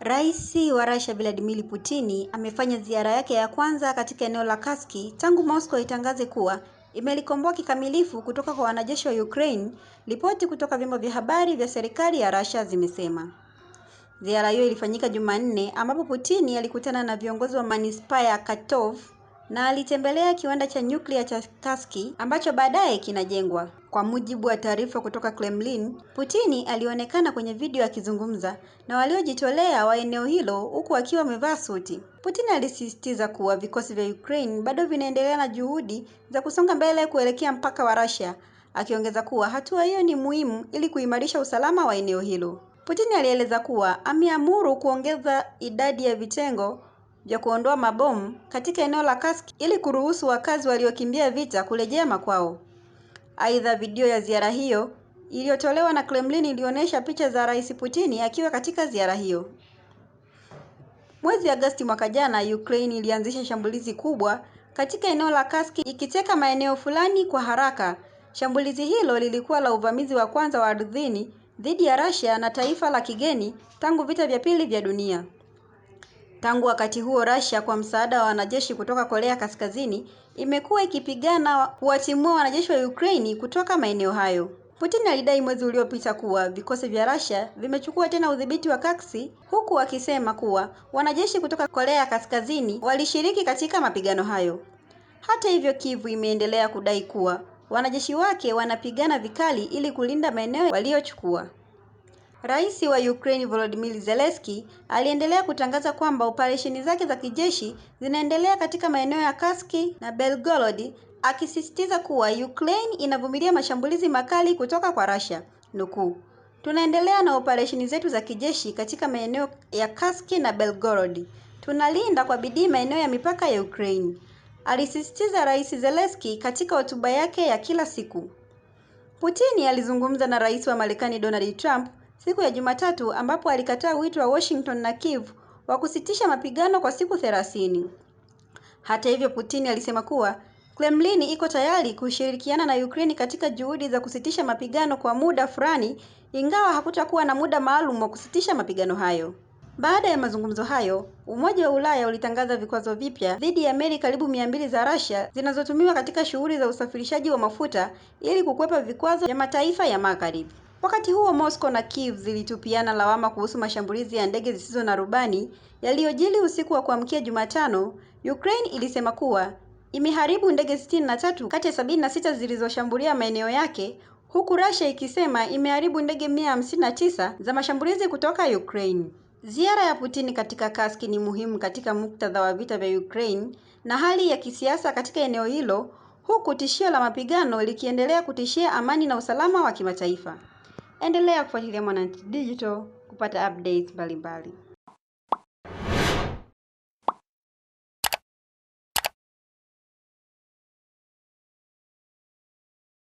Rais wa Russia Vladimir Putin amefanya ziara yake ya kwanza katika eneo la Kursk tangu Moscow itangaze kuwa imelikomboa kikamilifu kutoka kwa wanajeshi wa Ukraine, ripoti kutoka vyombo vya habari vya serikali ya Russia zimesema. Ziara hiyo ilifanyika Jumanne ambapo Putin alikutana na viongozi wa manispaa ya katov na alitembelea kiwanda cha nyuklia cha Turkey ambacho baadaye kinajengwa. Kwa mujibu wa taarifa kutoka Kremlin, Putin alionekana kwenye video akizungumza na waliojitolea wa eneo hilo huku akiwa amevaa suti. Putin alisisitiza kuwa vikosi vya Ukraine bado vinaendelea na juhudi za kusonga mbele kuelekea mpaka wa Russia, akiongeza kuwa hatua hiyo ni muhimu ili kuimarisha usalama wa eneo hilo. Putin alieleza kuwa ameamuru kuongeza idadi ya vitengo vya kuondoa mabomu katika eneo la Kursk ili kuruhusu wakazi waliokimbia vita kurejea makwao. Aidha, video ya ziara hiyo iliyotolewa na Kremlin ilionyesha picha za Rais Putin akiwa katika ziara hiyo. Mwezi Agosti mwaka jana, Ukraine ilianzisha shambulizi kubwa katika eneo la Kursk ikiteka maeneo fulani kwa haraka. Shambulizi hilo lilikuwa la uvamizi wa kwanza wa ardhini dhidi ya Russia na taifa la kigeni tangu vita vya pili vya dunia. Tangu wakati huo Russia kwa msaada wa wanajeshi kutoka Korea Kaskazini imekuwa ikipigana kuwatimua wanajeshi wa Ukraine kutoka maeneo hayo. Putin alidai mwezi uliopita kuwa vikosi vya Russia vimechukua tena udhibiti wa Kursk, huku akisema kuwa wanajeshi kutoka Korea Kaskazini walishiriki katika mapigano hayo. Hata hivyo, Kyiv imeendelea kudai kuwa wanajeshi wake wanapigana vikali ili kulinda maeneo waliyochukua. Rais wa Ukraine Volodymyr Zelensky aliendelea kutangaza kwamba operesheni zake za kijeshi zinaendelea katika maeneo ya Kursk na Belgorod, akisisitiza kuwa Ukraine inavumilia mashambulizi makali kutoka kwa Russia. Nukuu, tunaendelea na operesheni zetu za kijeshi katika maeneo ya Kursk na Belgorod, tunalinda kwa bidii maeneo ya mipaka ya Ukraine, alisisitiza Rais Zelensky katika hotuba yake ya kila siku. Putin alizungumza na Rais wa Marekani Donald Trump siku ya Jumatatu ambapo alikataa wito wa Washington na Kiev wa kusitisha mapigano kwa siku 30. Hata hivyo, Putin alisema kuwa Kremlin iko tayari kushirikiana na Ukraine katika juhudi za kusitisha mapigano kwa muda fulani, ingawa hakutakuwa na muda maalum wa kusitisha mapigano hayo. Baada ya mazungumzo hayo, Umoja wa Ulaya ulitangaza vikwazo vipya dhidi ya meli karibu mia mbili za Russia zinazotumiwa katika shughuli za usafirishaji wa mafuta ili kukwepa vikwazo vya mataifa ya Magharibi. Wakati huo Moscow na Kiev zilitupiana lawama kuhusu mashambulizi ya ndege zisizo na rubani yaliyojili usiku wa kuamkia Jumatano. Ukraine ilisema kuwa imeharibu ndege 63 kati ya 76 zilizoshambulia maeneo yake, huku Russia ikisema imeharibu ndege 159 za mashambulizi kutoka Ukraine. Ziara ya Putin katika Kursk ni muhimu katika muktadha wa vita vya Ukraine na hali ya kisiasa katika eneo hilo, huku tishio la mapigano likiendelea kutishia amani na usalama wa kimataifa. Endelea kufuatilia Mwananchi Digital kupata updates mbalimbali.